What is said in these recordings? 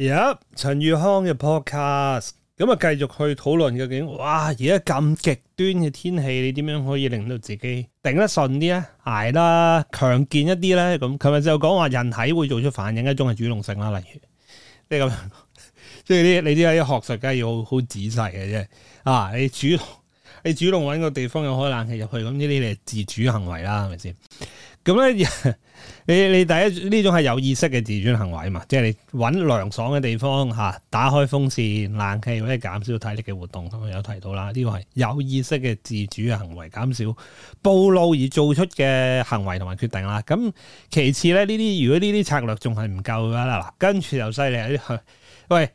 Yep, 陳宇康嘅 podcast，咁啊繼續去討論究竟，哇！而家咁極端嘅天氣，你點樣可以令到自己頂得順啲咧？挨啦，強健一啲咧。咁琴日就講話人體會做出反應一種係主動性啦，例如即係咁樣，即係啲你啲啊啲學術梗係要好好仔細嘅啫。啊，你主動你主動揾個地方有開冷氣入去，咁呢啲你係自主行為啦，係咪先？咁咧，你你第一呢種係有意識嘅自主行為嘛，即係你搵涼爽嘅地方吓，打開風扇、冷氣或者減少體力嘅活動。咁有提到啦，呢個係有意識嘅自主嘅行為，減少暴露而做出嘅行為同埋決定啦。咁其次咧，呢啲如果呢啲策略仲係唔夠嘅話啦，跟住又犀利，喂，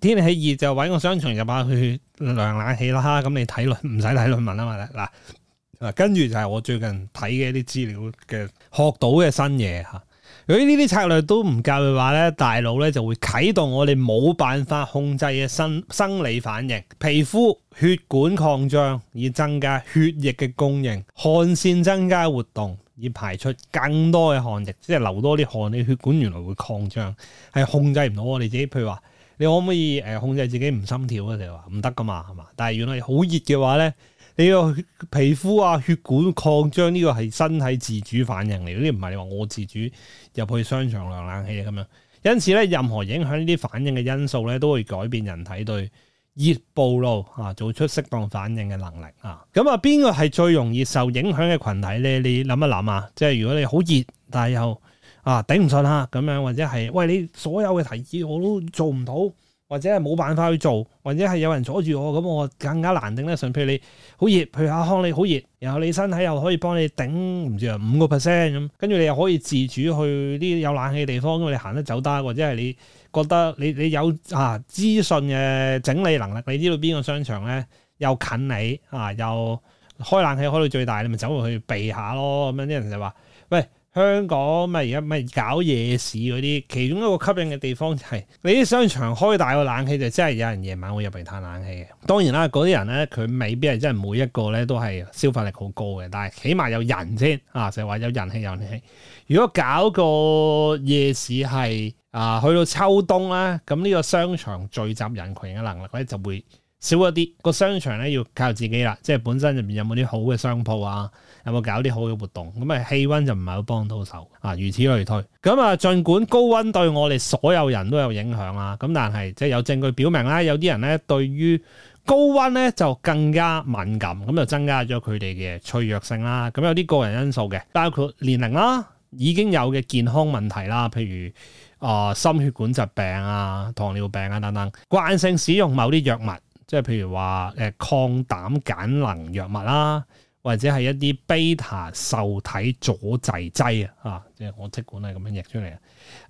天氣熱就搵個商場入去涼冷氣啦。咁你睇論唔使睇論文啊嘛，嗱。嗱，跟住就係我最近睇嘅一啲資料嘅學到嘅新嘢吓。如果呢啲策略都唔夠嘅話咧，大腦咧就會啟動我哋冇辦法控制嘅生理反應，皮膚血管擴張而增加血液嘅供應，汗腺增加活動而排出更多嘅汗液，即係流多啲汗。你血管原來會擴張，係控制唔到我哋自己。譬如話，你可唔可以誒控制自己唔心跳咧？就話唔得噶嘛，係嘛？但係原來好熱嘅話咧。你個皮膚啊，血管擴張呢個係身體自主反應嚟，呢啲唔係你話我自主入去商場涼冷氣咁樣。因此咧，任何影響呢啲反應嘅因素咧，都會改變人體對熱暴露啊做出適當反應嘅能力啊。咁啊，邊個係最容易受影響嘅群體咧？你諗一諗啊，即係如果你好熱，但係又啊頂唔順啊咁樣，或者係喂，你所有嘅提議我都做唔到。或者係冇辦法去做，或者係有人阻住我，咁我更加難頂咧。順譬如你好熱，譬如阿康你好熱，然後你身體又可以幫你頂唔住啊，五個 percent 咁，跟住你又可以自主去啲有冷氣嘅地方，因為你行得走得，或者係你覺得你你有啊資訊嘅整理能力，你知道邊個商場咧又近你啊，又開冷氣開到最大，你咪走過去避下咯。咁樣啲人就話。香港咪而家咪搞夜市嗰啲，其中一個吸引嘅地方就係、是、你啲商場開大個冷氣就真係有人夜晚會入嚟嘆冷氣嘅。當然啦，嗰啲人咧佢未必係真係每一個咧都係消費力好高嘅，但係起碼有人先啊，就係、是、話有人氣有人氣。如果搞個夜市係啊、呃，去到秋冬咧，咁呢個商場聚集人群嘅能力咧就會。少一啲，個商場咧要靠自己啦，即係本身入面有冇啲好嘅商鋪啊，有冇搞啲好嘅活動，咁啊氣温就唔係好幫到手啊。如此類推，咁啊，儘管高温對我哋所有人都有影響啦，咁但係即係有證據表明啦，有啲人咧對於高温咧就更加敏感，咁就增加咗佢哋嘅脆弱性啦。咁有啲個人因素嘅，包括年齡啦，已經有嘅健康問題啦，譬如啊、呃、心血管疾病啊、糖尿病啊等等，慣性使用某啲藥物。即係譬如話誒抗膽鹼能藥物啦，或者係一啲 beta 受體阻滯劑啊，嚇，即係我即管係噉樣譯出嚟啊，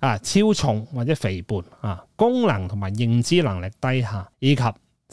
啊超重或者肥胖啊，功能同埋認知能力低下，以及，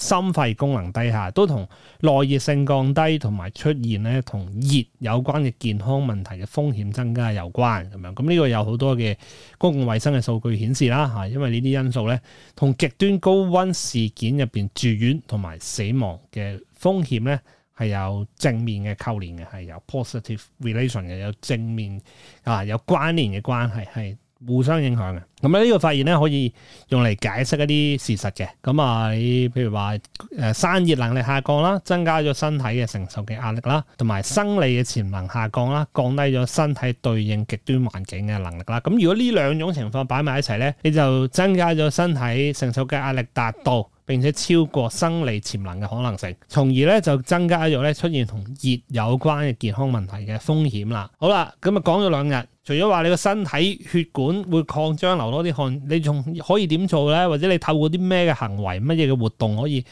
心肺功能低下都同耐熱性降低同埋出現咧同熱有關嘅健康問題嘅風險增加有關，咁樣，咁、這、呢個有好多嘅公共衞生嘅數據顯示啦嚇，因為呢啲因素咧同極端高溫事件入邊住院同埋死亡嘅風險咧係有正面嘅扣連嘅，係有 positive relation 嘅，有正面啊有關聯嘅關係係。互相影響嘅，咁啊呢個發現咧可以用嚟解釋一啲事實嘅。咁啊，你譬如話誒，散熱能力下降啦，增加咗身體嘅承受嘅壓力啦，同埋生理嘅潛能下降啦，降低咗身體對應極端環境嘅能力啦。咁如果呢兩種情況擺埋一齊咧，你就增加咗身體承受嘅壓力達到並且超過生理潛能嘅可能性，從而咧就增加咗咧出現同熱有關嘅健康問題嘅風險啦。好啦，咁啊講咗兩日。除咗話你個身體血管會擴張，流多啲汗，你仲可以點做呢？或者你透過啲咩嘅行為、乜嘢嘅活動可以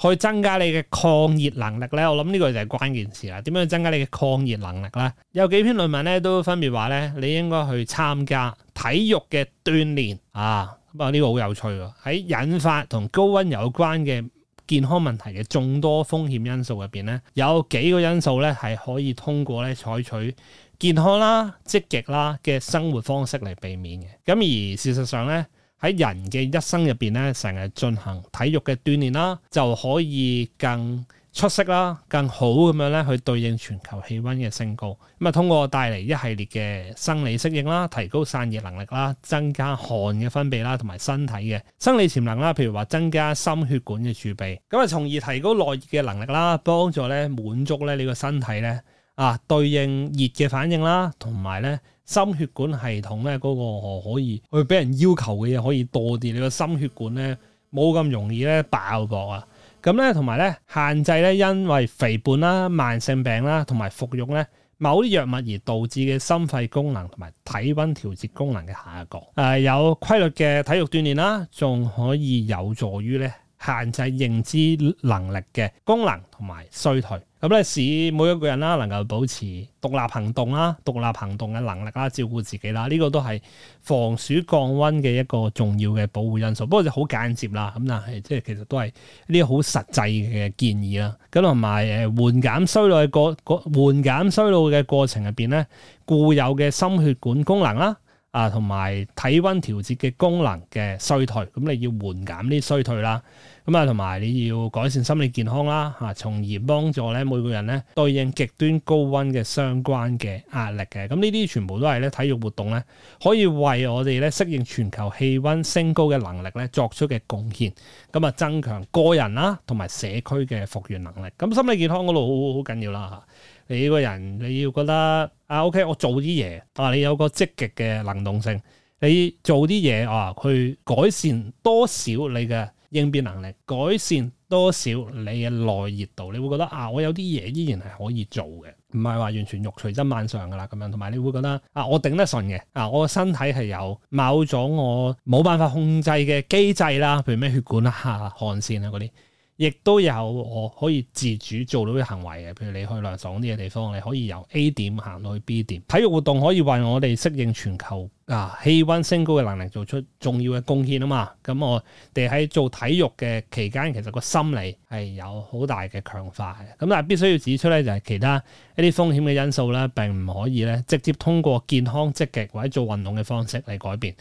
去增加你嘅抗熱能力呢？我諗呢個就係關鍵詞啦。點樣去增加你嘅抗熱能力呢？有幾篇論文咧都分別話呢，你應該去參加體育嘅鍛煉啊。不過，呢個好有趣喎。喺引發同高溫有關嘅健康問題嘅眾多風險因素入邊呢，有幾個因素呢係可以通過咧採取。健康啦、積極啦嘅生活方式嚟避免嘅。咁而事實上咧，喺人嘅一生入邊咧，成日進行體育嘅鍛煉啦，就可以更出色啦、更好咁樣咧去對應全球氣温嘅升高。咁啊，通過帶嚟一系列嘅生理適應啦，提高散熱能力啦，增加汗嘅分泌啦，同埋身體嘅生理潛能啦，譬如話增加心血管嘅儲備，咁啊，從而提高耐熱嘅能力啦，幫助咧滿足咧你個身體咧。啊，對應熱嘅反應啦，同埋咧心血管系統咧嗰個可以，佢俾人要求嘅嘢可以多啲，你個心血管咧冇咁容易咧爆破啊。咁咧同埋咧限制咧，因為肥胖啦、慢性病啦，同埋服用咧某啲藥物而導致嘅心肺功能同埋體温調節功能嘅下降。誒、啊，有規律嘅體育鍛煉啦，仲可以有助於咧。限制認知能力嘅功能同埋衰退，咁咧使每一個人啦能夠保持獨立行動啦、獨立行動嘅能力啦、照顧自己啦，呢個都係防暑降温嘅一個重要嘅保護因素。不過就好間接啦，咁但係即係其實都係呢啲好實際嘅建議啦。咁同埋誒緩減衰老嘅過緩減衰老嘅過程入邊咧，固有嘅心血管功能啦，啊同埋體温調節嘅功能嘅衰退，咁你要緩減呢啲衰退啦。咁啊，同埋你要改善心理健康啦，嚇，從而幫助咧每個人咧對應極端高温嘅相關嘅壓力嘅。咁呢啲全部都係咧體育活動咧，可以為我哋咧適應全球氣温升高嘅能力咧作出嘅貢獻。咁啊，增強個人啦，同埋社區嘅復原能力。咁心理健康嗰度好好緊要啦嚇。你個人你要覺得啊，OK，我做啲嘢，但係，啊，你有個積極嘅能動性，你做啲嘢啊去改善多少你嘅應變能力，改善多少你嘅耐熱度，你會覺得啊，我有啲嘢依然係可以做嘅，唔係話完全肉隨砧板上㗎喇咁樣，同埋你會覺得啊，我頂得順嘅，啊，我，啊我身體係有某種我冇辦法控制嘅機制啦，譬如咩血管啊、汗腺啊嗰啲。亦都有我可以自主做到啲行為嘅，譬如你去涼爽啲嘅地方，你可以由 A 點行到去 B 點。體育活動可以為我哋適應全球啊氣溫升高嘅能力做出重要嘅貢獻啊嘛。咁、嗯、我哋喺做體育嘅期間，其實個心理係有好大嘅強化嘅。咁、嗯、但係必須要指出咧，就係、是、其他一啲風險嘅因素咧，並唔可以咧直接通過健康積極或者做運動嘅方式嚟改變。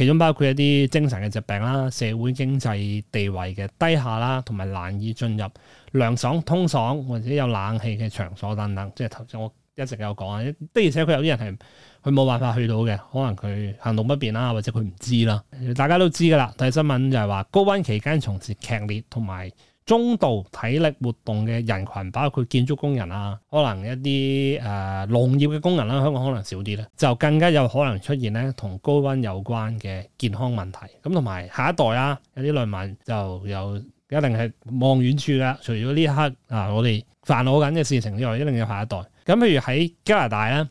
其中包括一啲精神嘅疾病啦、社會經濟地位嘅低下啦，同埋難以進入涼爽、通爽或者有冷氣嘅場所等等，即係頭先我一直有講啊。的而且確有啲人係佢冇辦法去到嘅，可能佢行動不便啦，或者佢唔知啦。大家都知㗎啦。睇新聞就係話，高温期間從事劇烈同埋，中度體力活動嘅人群，包括建築工人啊，可能一啲誒、呃、農業嘅工人啦、啊，香港可能少啲咧，就更加有可能出現咧同高溫有關嘅健康問題。咁同埋下一代啊，有啲論文就有一定係望遠處嘅，除咗呢一刻啊，我哋煩惱緊嘅事情之外，一定要下一代。咁譬如喺加拿大咧。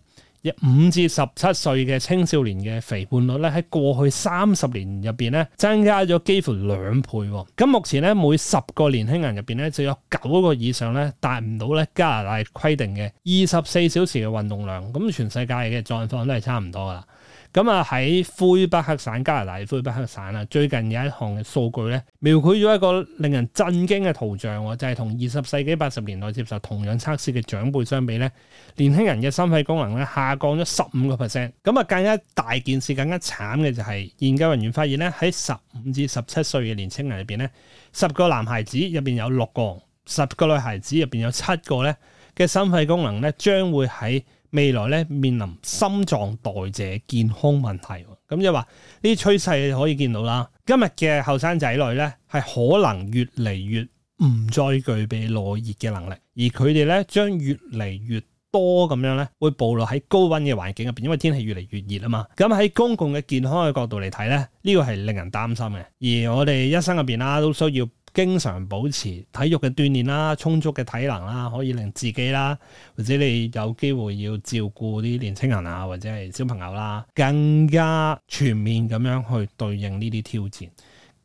五至十七歲嘅青少年嘅肥胖率咧，喺過去三十年入邊咧，增加咗幾乎兩倍。咁目前咧，每十個年輕人入邊咧，就有九個以上咧達唔到咧加拿大規定嘅二十四小時嘅運動量。咁全世界嘅狀況都係差唔多噶啦。咁啊，喺魁、嗯、北克省、加拿大魁北克省啊，最近有一項嘅數據咧，描繪咗一個令人震驚嘅圖像，就係同二十世紀八十年代接受同樣測試嘅長輩相比咧，年輕人嘅心肺功能咧下降咗十五個 percent。咁啊、嗯，更加大件事、更加慘嘅就係、是、研究人員發現咧，喺十五至十七歲嘅年青人入邊咧，十個男孩子入邊有六個，十個女孩子入邊有七個咧嘅心肺功能咧，將會喺未來咧面臨心臟代謝健康問題，咁即係話呢啲趨勢你可以見到啦。今日嘅後生仔女咧係可能越嚟越唔再具備耐熱嘅能力，而佢哋咧將越嚟越多咁樣咧會暴露喺高溫嘅環境入邊，因為天氣越嚟越熱啊嘛。咁喺公共嘅健康嘅角度嚟睇咧，呢個係令人擔心嘅。而我哋一生入邊啦，都需要。經常保持體育嘅鍛煉啦，充足嘅體能啦，可以令自己啦，或者你有機會要照顧啲年輕人呀，或者係小朋友啦，更加全面咁樣去對應呢啲挑戰。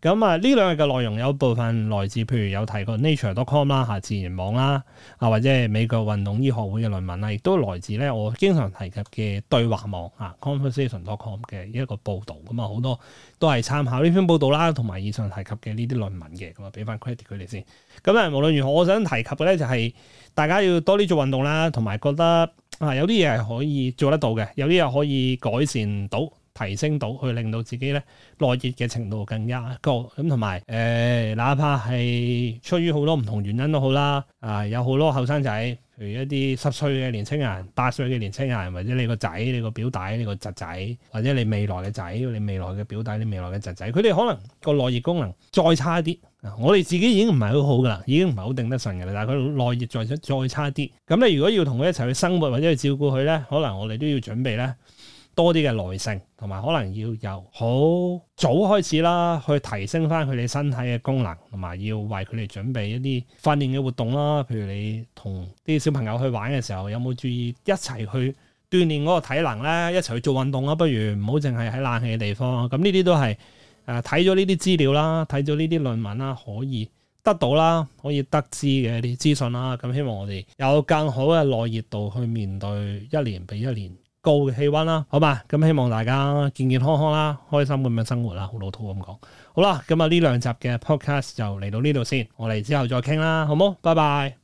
咁啊，呢兩日嘅內容有部分來自，譬如有提過 Nature.com 啦，嚇自然網啦，啊或者係美國運動醫學會嘅論文啦，亦都來自咧我經常提及嘅對話網啊，Conversation.com 嘅一個報導咁啊，好多都係參考呢篇報導啦，同埋以上提及嘅呢啲論文嘅咁啊，俾翻 credit 佢哋先。咁啊，無論如何，我想提及嘅咧就係大家要多啲做運動啦，同埋覺得啊有啲嘢係可以做得到嘅，有啲嘢可以改善到。提升到去令到自己咧耐熱嘅程度更加高，咁同埋誒，哪怕係出於好多唔同原因都好啦，啊、呃、有好多後生仔，譬如一啲十歲嘅年青人、八歲嘅年青人，或者你個仔、你個表弟、你個侄仔，或者你未來嘅仔、你未來嘅表弟、你未來嘅侄仔，佢哋可能個耐熱功能再差啲，我哋自己已經唔係好好噶啦，已經唔係好頂得順噶啦，但係佢耐熱再再差啲，咁你如果要同佢一齊去生活或者去照顧佢咧，可能我哋都要準備咧。多啲嘅耐性，同埋可能要由好早開始啦，去提升翻佢哋身體嘅功能，同埋要為佢哋準備一啲訓練嘅活動啦。譬如你同啲小朋友去玩嘅時候，有冇注意一齊去鍛煉嗰個體能咧？一齊去做運動啊！不如唔好淨係喺冷氣嘅地方。咁呢啲都係誒睇咗呢啲資料啦，睇咗呢啲論文啦，可以得到啦，可以得知嘅一啲資訊啦。咁希望我哋有更好嘅耐熱度去面對一年比一年高嘅氣溫啦，好嘛？咁、嗯、希望大家健健康康啦，開心咁樣生活啦，好老土咁講。好啦，咁啊呢兩集嘅 podcast 就嚟到呢度先，我哋之後再傾啦，好冇？拜拜。